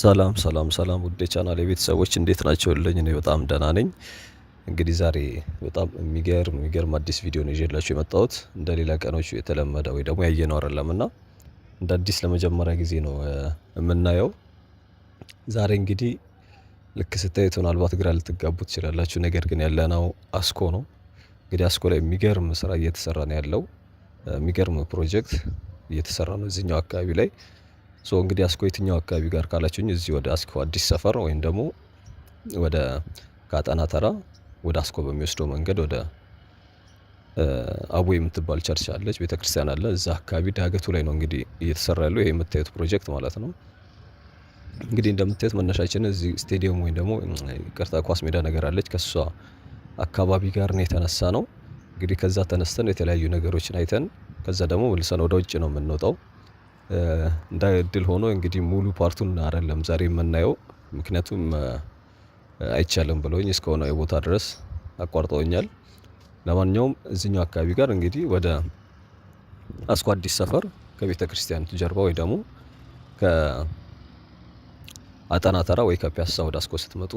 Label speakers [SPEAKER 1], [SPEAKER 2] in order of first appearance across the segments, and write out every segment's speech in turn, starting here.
[SPEAKER 1] ሰላም ሰላም ሰላም ውድ ቻናል የቤተሰቦች እንዴት ናቸውልኝ? እኔ በጣም ደህና ነኝ። እንግዲህ ዛሬ በጣም የሚገርም የሚገርም አዲስ ቪዲዮ ነው ይዤላችሁ የመጣሁት። እንደ ሌላ ቀኖቹ የተለመደ ወይ ደግሞ ያየነው አይደለም እና እንደ አዲስ ለመጀመሪያ ጊዜ ነው የምናየው። ዛሬ እንግዲህ ልክ ስታዩት ምናልባት ግራ ልትጋቡ ትችላላችሁ። ነገር ግን ያለነው አስኮ ነው። እንግዲህ አስኮ ላይ የሚገርም ስራ እየተሰራ ነው ያለው። የሚገርም ፕሮጀክት እየተሰራ ነው እዚህኛው አካባቢ ላይ ሶ እንግዲህ አስኮ የትኛው አካባቢ ጋር ካላችሁኝ እዚህ ወደ አስኮ አዲስ ሰፈር ወይም ደግሞ ወደ ካጣና ተራ ወደ አስኮ በሚወስደው መንገድ ወደ አቦ የምትባል ቸርች አለች፣ ቤተክርስቲያን አለ። እዛ አካባቢ ዳገቱ ላይ ነው እንግዲህ እየተሰራ ያለው ይሄ የምታዩት ፕሮጀክት ማለት ነው። እንግዲህ እንደምታዩት መነሻችን እዚህ ስቴዲየም ወይም ደግሞ ቅርታ ኳስ ሜዳ ነገር አለች። ከሷ አካባቢ ጋር ነው የተነሳ ነው። እንግዲህ ከዛ ተነስተን የተለያዩ ነገሮችን አይተን ከዛ ደግሞ መልሰን ወደ ውጭ ነው የምንወጣው። እንደ እድል ሆኖ እንግዲህ ሙሉ ፓርቱን አይደለም ዛሬ የምናየው ምክንያቱም አይቻልም ብለውኝ እስከሆነ የቦታ ድረስ አቋርጠውኛል። ለማንኛውም እዚኛው አካባቢ ጋር እንግዲህ ወደ አስኮ አዲስ ሰፈር ከቤተ ክርስቲያን ጀርባ ወይ ደግሞ ከአጠና ተራ ወይ ከፒያሳ ወደ አስኮ ስትመጡ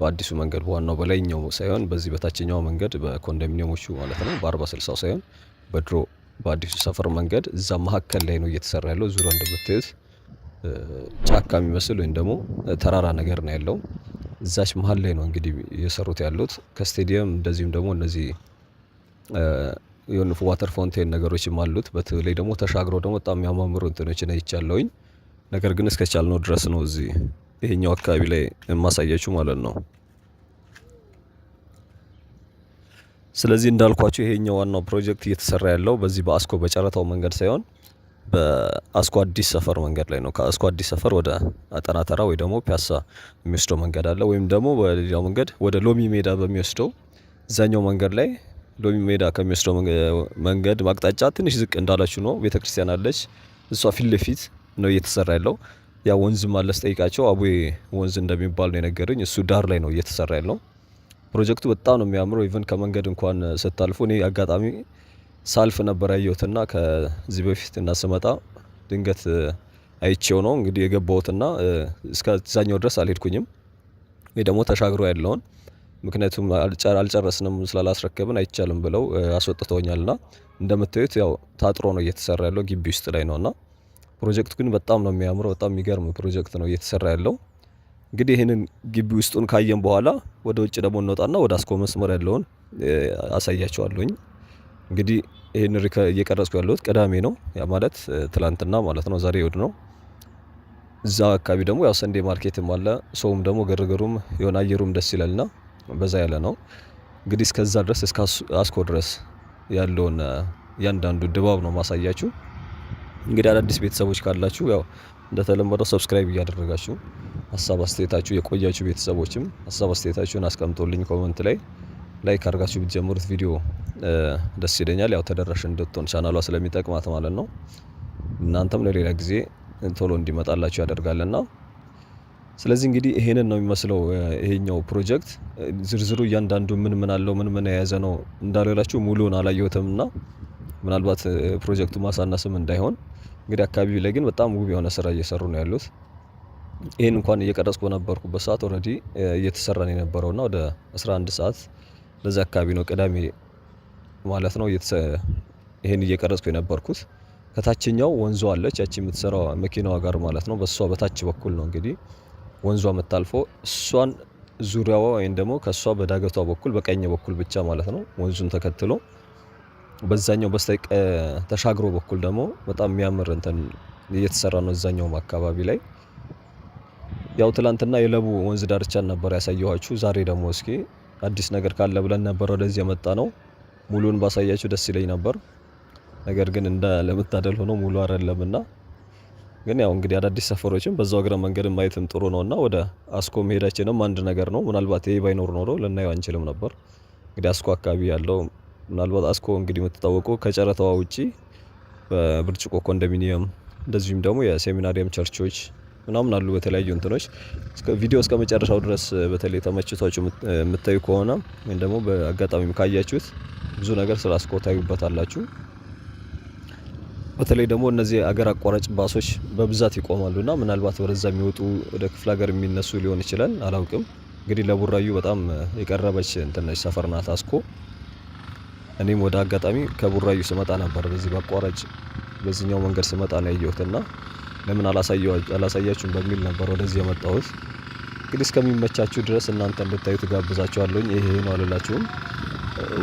[SPEAKER 1] በአዲሱ መንገድ በዋናው በላይኛው ሳይሆን በዚህ በታችኛው መንገድ በኮንዶሚኒየሞቹ ማለት ነው በአርባ ስልሳው ሳይሆን በድሮ በአዲሱ ሰፈር መንገድ እዛ መሀከል ላይ ነው እየተሰራ ያለው። ዙሪያ እንደምታዩት ጫካ የሚመስል ወይም ደግሞ ተራራ ነገር ነው ያለው። እዛች መሀል ላይ ነው እንግዲህ እየሰሩት ያሉት ከስቴዲየም እንደዚሁም ደግሞ እነዚህ የሆኑ ዋተር ፋውንቴን ነገሮችም አሉት። በተለይ ደግሞ ተሻግረው ደግሞ በጣም የሚያማምሩ እንትኖች ይቻለውኝ። ነገር ግን እስከቻልነው ድረስ ነው እዚህ ይሄኛው አካባቢ ላይ የማሳያችሁ ማለት ነው። ስለዚህ እንዳልኳቸው ይሄኛው ዋናው ፕሮጀክት እየተሰራ ያለው በዚህ በአስኮ በጨረታው መንገድ ሳይሆን በአስኮ አዲስ ሰፈር መንገድ ላይ ነው። ከአስኮ አዲስ ሰፈር ወደ አጠናተራ ወይ ደግሞ ፒያሳ የሚወስደው መንገድ አለ። ወይም ደግሞ በሌላው መንገድ ወደ ሎሚ ሜዳ በሚወስደው እዛኛው መንገድ ላይ ሎሚ ሜዳ ከሚወስደው መንገድ ማቅጣጫ ትንሽ ዝቅ እንዳላችሁ ነው ቤተክርስቲያን አለች። እሷ ፊት ለፊት ነው እየተሰራ ያለው። ያ ወንዝም አለ ስጠይቃቸው አቡዬ ወንዝ እንደሚባል ነው የነገረኝ። እሱ ዳር ላይ ነው እየተሰራ ያለው። ፕሮጀክቱ በጣም ነው የሚያምረው። ኢቨን ከመንገድ እንኳን ስታልፉ እኔ አጋጣሚ ሳልፍ ነበር ያየሁትና ከዚህ በፊት እና ስመጣ ድንገት አይቼው ነው እንግዲህ የገባሁትና እስከዛኛው ድረስ አልሄድኩኝም። ይህ ደግሞ ተሻግሮ ያለውን ምክንያቱም አልጨረስንም ስላላስረከብን አይቻልም ብለው አስወጥተውኛልና እንደምታዩት ያው ታጥሮ ነው እየተሰራ ያለው ግቢ ውስጥ ላይ ነውና ፕሮጀክቱ ግን በጣም ነው የሚያምረው። በጣም የሚገርም ፕሮጀክት ነው እየተሰራ ያለው። እንግዲህ ይህንን ግቢ ውስጡን ካየን በኋላ ወደ ውጭ ደግሞ እንወጣና ወደ አስኮ መስመር ያለውን አሳያችኋለሁኝ። እንግዲህ ይህን እየቀረጽኩ ያለሁት ቅዳሜ ነው፣ ያ ማለት ትላንትና ማለት ነው። ዛሬ እሑድ ነው። እዛ አካባቢ ደግሞ ያው ሰንዴ ማርኬትም አለ፣ ሰውም ደግሞ ግርግሩም የሆነ አየሩም ደስ ይላልና በዛ ያለ ነው። እንግዲህ እስከዛ ድረስ እስከ አስኮ ድረስ ያለውን እያንዳንዱ ድባብ ነው ማሳያችሁ። እንግዲህ አዳዲስ ቤተሰቦች ካላችሁ ያው እንደተለመደው ሰብስክራይብ እያደረጋችሁ ሀሳብ አስተያየታችሁ የቆያችሁ ቤተሰቦችም ሀሳብ አስተያየታችሁን አስቀምጦልኝ ኮመንት ላይ ላይክ አድርጋችሁ ብትጀምሩት ቪዲዮ ደስ ይለኛል። ያው ተደራሽ እንድትሆን ቻናሏ ስለሚጠቅማት ማለት ነው። እናንተም ለሌላ ጊዜ ቶሎ እንዲመጣላችሁ ያደርጋልና ስለዚህ እንግዲህ ይሄንን ነው የሚመስለው ይሄኛው ፕሮጀክት ዝርዝሩ እያንዳንዱ ምን ምን አለው ምን ምን የያዘ ነው እንዳልላችሁ ሙሉውን አላየሁትምና ምናልባት ፕሮጀክቱ ማሳነስም እንዳይሆን እንግዲህ አካባቢ ላይ ግን በጣም ውብ የሆነ ስራ እየሰሩ ነው ያሉት። ይህን እንኳን እየቀረጽኩ በነበርኩበት ሰዓት ኦልሬዲ እየተሰራ የነበረው ና ወደ 11 ሰዓት በዛ አካባቢ ነው ቅዳሜ ማለት ነው ይህን እየቀረጽኩ የነበርኩት። ከታችኛው ወንዟ አለች ያቺ የምትሰራው መኪናዋ ጋር ማለት ነው። በእሷ በታች በኩል ነው እንግዲህ ወንዟ የምታልፎ እሷን ዙሪያዋ ወይም ደግሞ ከእሷ በዳገቷ በኩል በቀኝ በኩል ብቻ ማለት ነው ወንዙን ተከትሎ በዛኛው በስተቀ ተሻግሮ በኩል ደግሞ በጣም የሚያምር እንትን እየተሰራ ነው እዛኛውም አካባቢ ላይ ያው ትላንትና የለቡ ወንዝ ዳርቻን ነበር ያሳየኋችሁ። ዛሬ ደግሞ እስኪ አዲስ ነገር ካለ ብለን ነበር ወደዚህ የመጣ ነው። ሙሉን ባሳያችሁ ደስ ይለኝ ነበር፣ ነገር ግን እንደ ለመታደል ሆኖ ሙሉ አይደለምና፣ ግን ያው እንግዲህ አዳዲስ ሰፈሮችም በዛው እግረ መንገድ ማየትም ጥሩ ነውና ወደ አስኮ መሄዳችንም አንድ ነገር ነው። ምናልባት ይሄ ባይኖር ኖሮ ልናየው አንችልም ነበር። እንግዲህ አስኮ አካባቢ ያለው ምናልባት አስኮ እንግዲህ የምትታወቀው ከጨረታዋ ውጪ በብርጭቆ ኮንዶሚኒየም እንደዚሁም ደግሞ የሴሚናሪየም ቸርቾች ምናምን አሉ በተለያዩ እንትኖች ቪዲዮ እስከ መጨረሻው ድረስ በተለይ ተመችቷችሁ የምታዩ ከሆነ ወይም ደግሞ በአጋጣሚም ካያችሁት ብዙ ነገር ታዩበታላችሁ። በተለይ ደግሞ እነዚህ አገር አቋራጭ ባሶች በብዛት ይቆማሉና ምናልባት ወደዛ የሚወጡ ወደ ክፍለ ሀገር የሚነሱ ሊሆን ይችላል፣ አላውቅም። እንግዲህ ለቡራዩ በጣም የቀረበች እንትነች ሰፈር ናት አስኮ። እኔም ወደ አጋጣሚ ከቡራዩ ስመጣ ነበር በዚህ በአቋራጭ በዚህኛው መንገድ ስመጣ ነው ያየሁትና ለምን አላሳያችሁም በሚል ነበር ወደዚህ የመጣሁት። እንግዲህ እስከሚመቻችሁ ድረስ እናንተ እንድታዩ ትጋብዛችኋለሁኝ። ይሄ ነው አልላችሁም።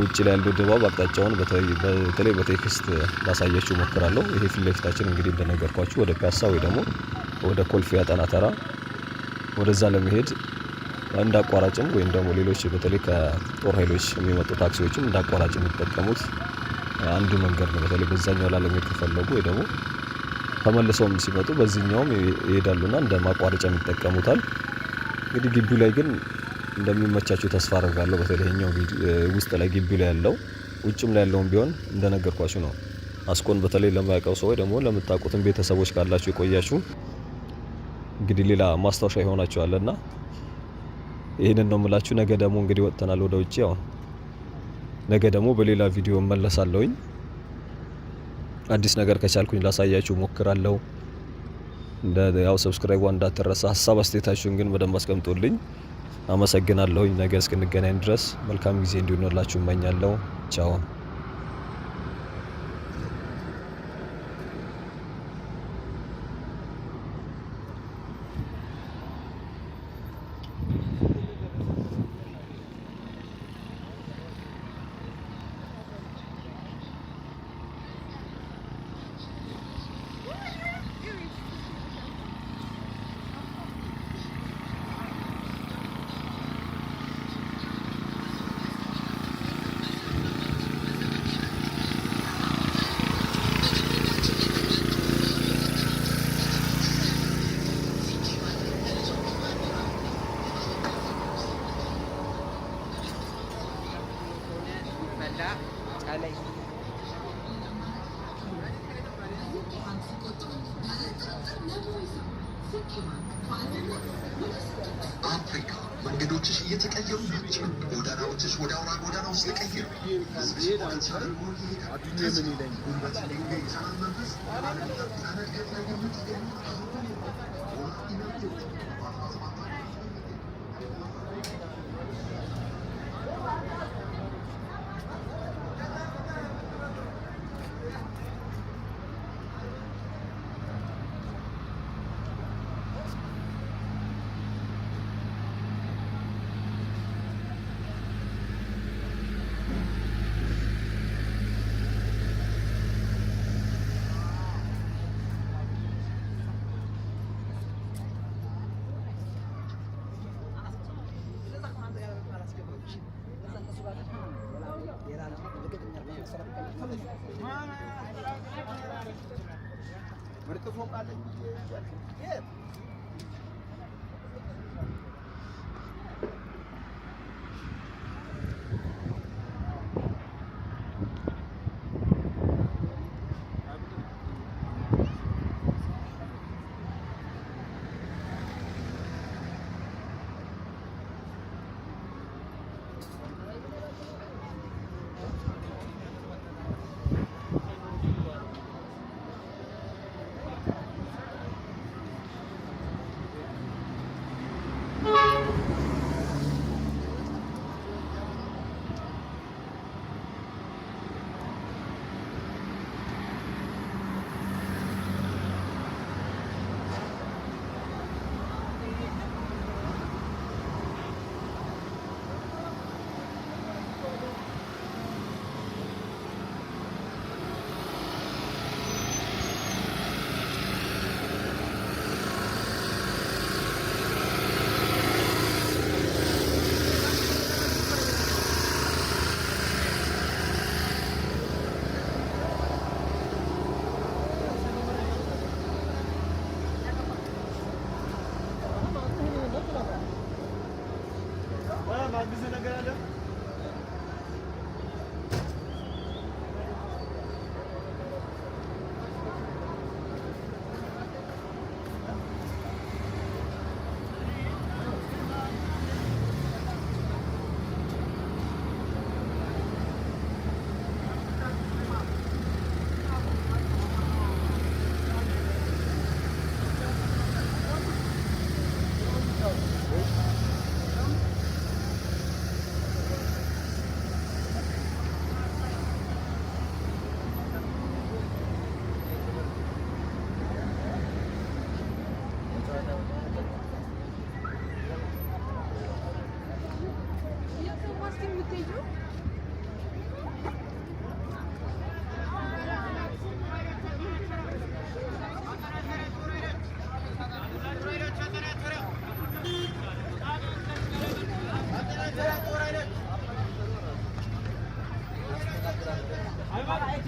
[SPEAKER 1] ውጭ ላይ ያለው ድባብ አቅጣጫውን በተለይ በቴክስት ላሳያችሁ እሞክራለሁ። ይሄ ፊት ለፊታችን እንግዲህ እንደነገርኳችሁ ወደ ፒያሳ ወይ ደግሞ ወደ ኮልፌ አጠና ተራ ወደዛ ለመሄድ እንዳቋራጭም ወይም ደግሞ ሌሎች በተለይ ከጦር ኃይሎች የሚመጡ ታክሲዎችም እንዳቋራጭ የሚጠቀሙት አንዱ መንገድ ነው። በተለይ በዛኛው ላለመሄድ ከፈለጉ ወይ ደግሞ ተመልሰውም ሲመጡ በዚህኛውም ይሄዳሉና እንደ ማቋረጫ ይጠቀሙታል። እንግዲህ ግቢው ላይ ግን እንደሚመቻቸው ተስፋ አደርጋለሁ። በተለይኛው ውስጥ ላይ ግቢው ላይ ያለው ውጭም ላይ ያለውም ቢሆን እንደነገርኳችሁ ነው። አስኮን በተለይ ለማያውቀው ሰው ወይ ደግሞ ለምታውቁትም ቤተሰቦች ካላችሁ የቆያችሁ እንግዲህ ሌላ ማስታወሻ ይሆናችኋልና ይህንን ነው የምላችሁ። ነገ ደግሞ እንግዲህ ወጥተናል ወደ ውጭ። ያው ነገ ደግሞ በሌላ ቪዲዮ እመለሳለሁኝ። አዲስ ነገር ከቻልኩኝ ላሳያችሁ ሞክራለሁ። ያው ሰብስክራይቧ እንዳትረሳ። ሀሳብ አስተያየታችሁን ግን በደንብ አስቀምጦልኝ። አመሰግናለሁኝ። ነገ እስክንገናኝ ድረስ መልካም ጊዜ እንዲሆንላችሁ እመኛለሁ። ቻው ዲላ ጨለይ አፍሪካ መንገዶችሽ እየተቀየሩ ናቸው። ጎዳናዎችሽ ወደ አውራ ጎዳና ውስጥ ተቀየሩ። ጉልበት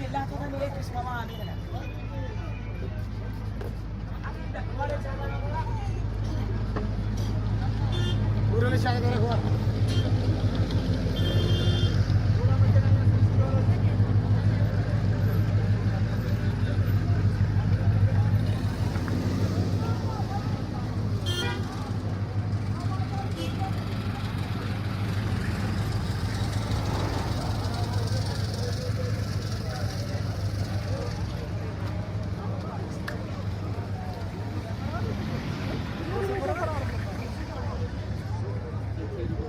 [SPEAKER 1] జిల్లాతో ఏం తీసుకున్నామా అని Thank you.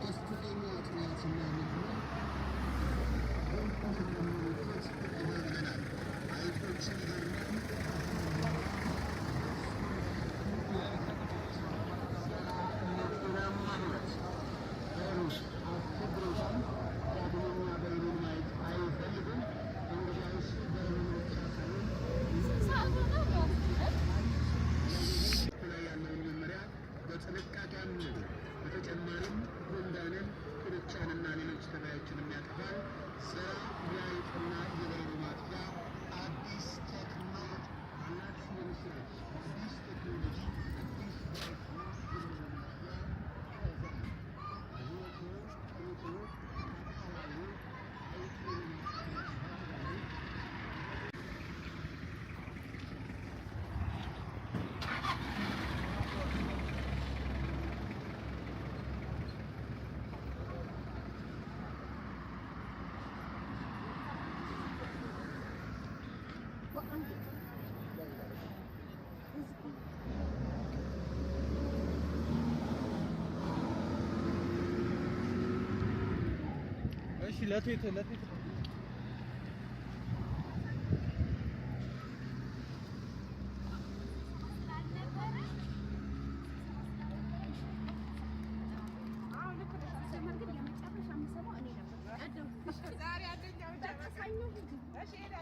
[SPEAKER 1] Because today we are creating man. Don't put it on the لا تقتل لا تقتل Hva skjer det?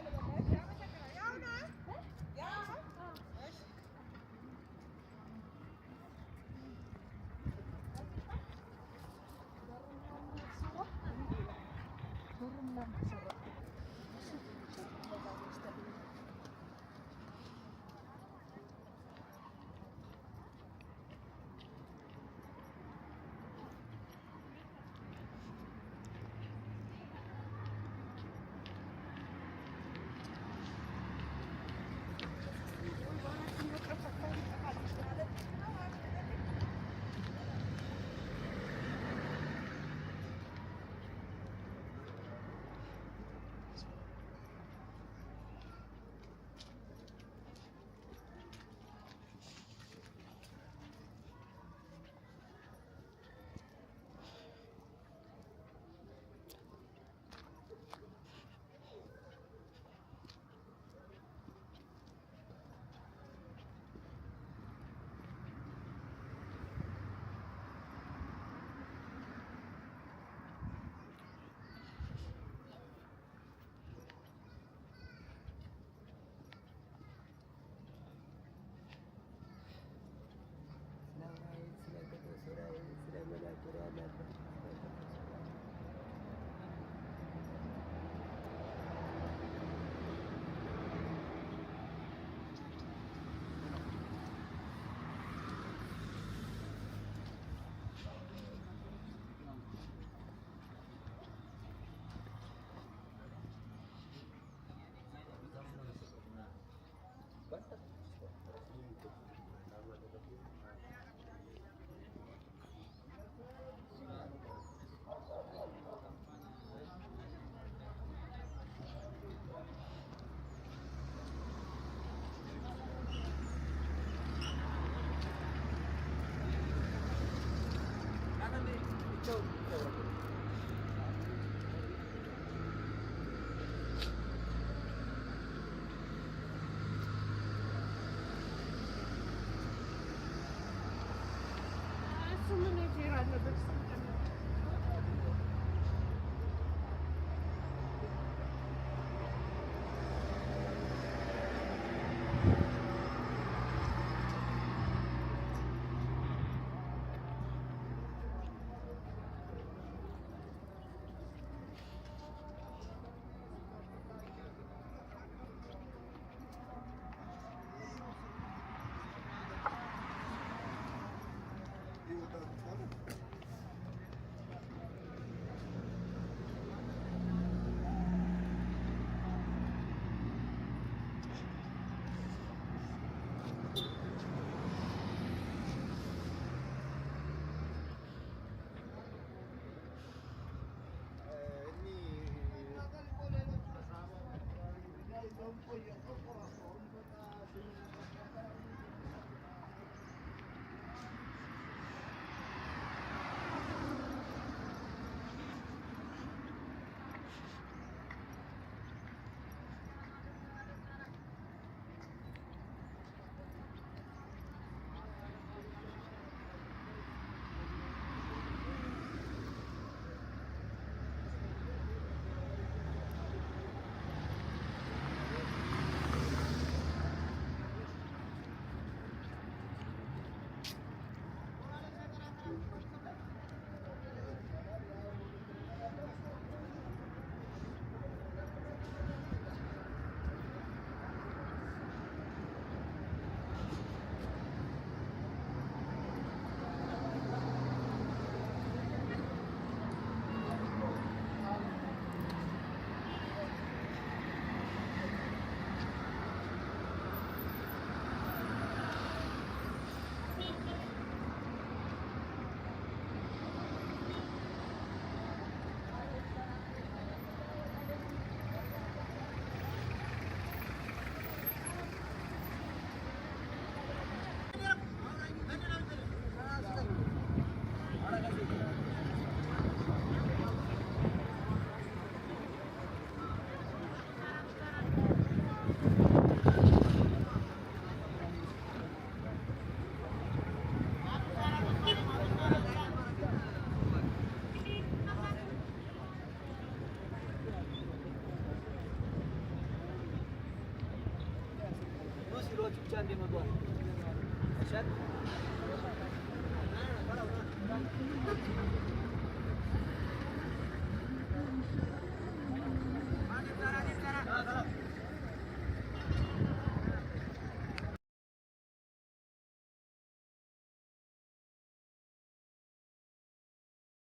[SPEAKER 1] for your